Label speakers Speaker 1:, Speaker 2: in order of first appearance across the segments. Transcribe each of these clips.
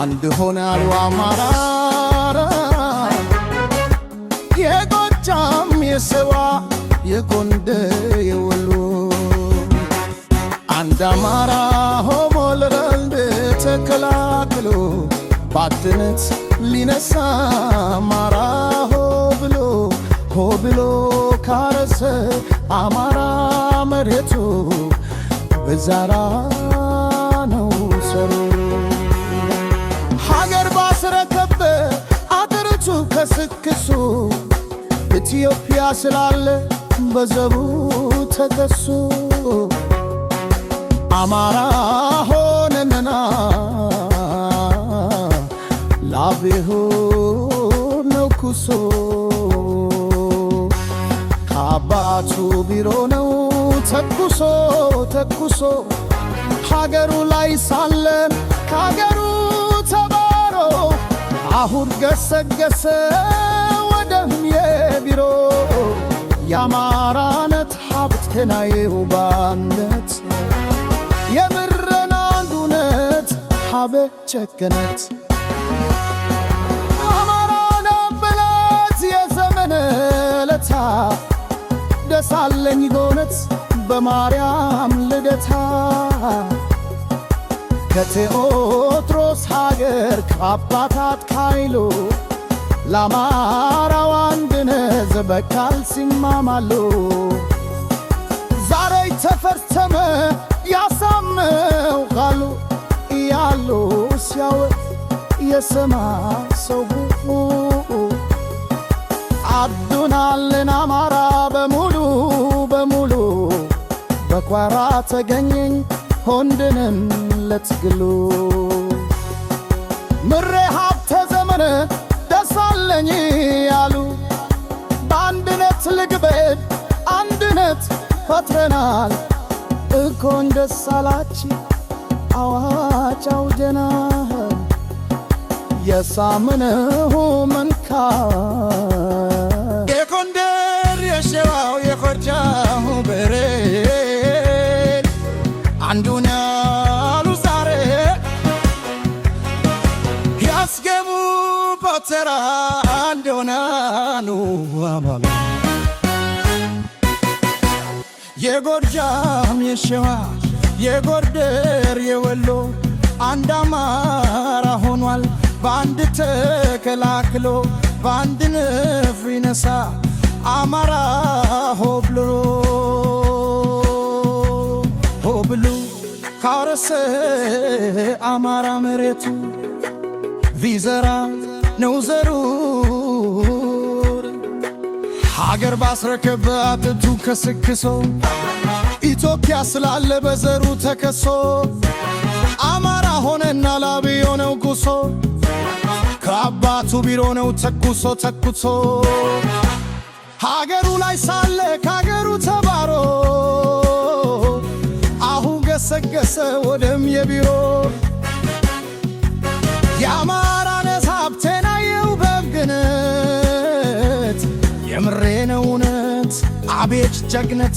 Speaker 1: አንድ ሆነ አማራ የጎጃም የሰዋ የጎንደር የወሎ አንድ አማራ ሆሞ ለረንድ ተከላክሎ ባትነት ሊነሳ አማራ ሆ ብሎ ሆ ብሎ ካረሰ አማራ መሬቱ በዛራ ተከስክሱ ኢትዮጵያ ስላለ በዘቡ ተከሱ አማራ ሆነንና ላቤሁ ነኩሶ ከአባቱ ቢሮ ነው ተኩሶ ተኩሶ ሀገሩ ላይ ሳለን ከሀገሩ ተባረው አሁን ገሰገሰ ወደም የቢሮ የአማራነት ሀብቴና የውባነት የምረን አንዱነት ሀበ ቸገነት አማራን በላት የዘመነ ለታ ደሳለኝ ጎነት በማርያም ልደታ ከቴኦ ከክርስቶስ ሀገር ከአባታት ካይሉ ለአማራው አንድነት በቃል ሲማማሉ ዛሬ ተፈርተመ ያሳምው ቃሉ እያሉ ሲያወት የሰማ ሰው አዱናልን አማራ በሙሉ በሙሉ በኳራ ተገኘኝ ሆንድንም ለትግሉ ምሬ ሀብተ ዘመን ደሳለኝ ያሉ በአንድነት ልግበድ አንድነት ፈጥረናል እኮን ደሳላች አዋጅ አውጀና የሳምንሁ መንካ የኮንደር የሸዋው የኮርጃ አማሉ የጎጃም የሸዋ የጎርደር የወሎ አንድ አማራ ሆኗል በአንድ ተከላክሎ በአንድ ንፍ ይነሳ አማራ ሆብሎ ሆብሉ ካረሰ አማራ መሬቱ ቢዘራ ነው ዘሩ ሀገር ባስረከበ አጥንቱን ከስክሶ ኢትዮጵያ ስላለ በዘሩ ተከሶ አማራ ሆነና ላብ የሆነው ጉሶ ከአባቱ ቢሮ ነው ተኩሶ ተኩሶ ሀገሩ ላይ ሳለ ከሀገሩ ተባሮ አሁን ገሰገሰ ወደም የቢሮ ቤት ጀግነት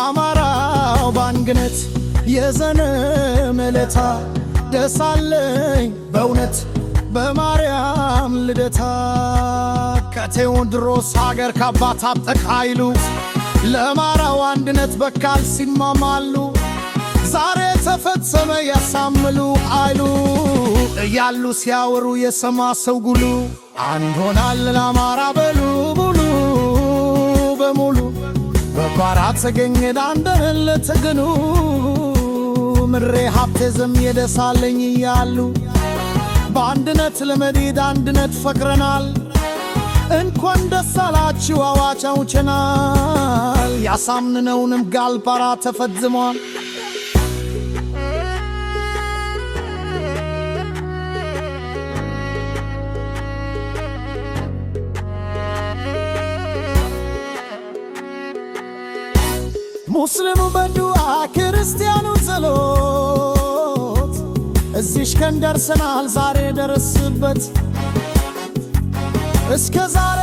Speaker 1: አማራው ባንግነት የዘነ መለታ ደሳለኝ በእውነት በማርያም ልደታ ከቴዎድሮስ ሀገር ከአባት አብጠቅ ኃይሉ ለማራው አንድነት በካል ሲማማሉ ዛሬ ተፈጸመ ያሳምሉ አይሉ እያሉ ሲያወሩ የሰማ ሰው ጉሉ አንድ ሆናልን አማራ በሉ ሙሉ በሙሉ ባራት ሰገኘዳ እንደለ ተገኑ ምሬ ሀብቴ ዝም የደሳለኝ እያሉ በአንድነት ለመዲድ አንድነት ፈቅረናል። እንኳን ደስ አላችሁ አዋቻውችናል ያሳምንነውንም ጋልባራ ተፈጽሟል። ሙስሊሙ በዱዓ ክርስቲያኑ ጸሎት እዚሽ ቀን ደርሰናል ዛሬ ደረስበት እስከ ዛሬ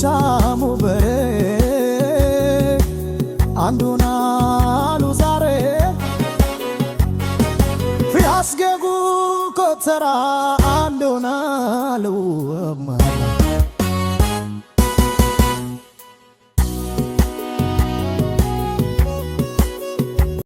Speaker 1: ቻሙ በሬ አንዱን አሉ ዛሬ ፊያስጌጉ ኮተራ አንዱን አሉ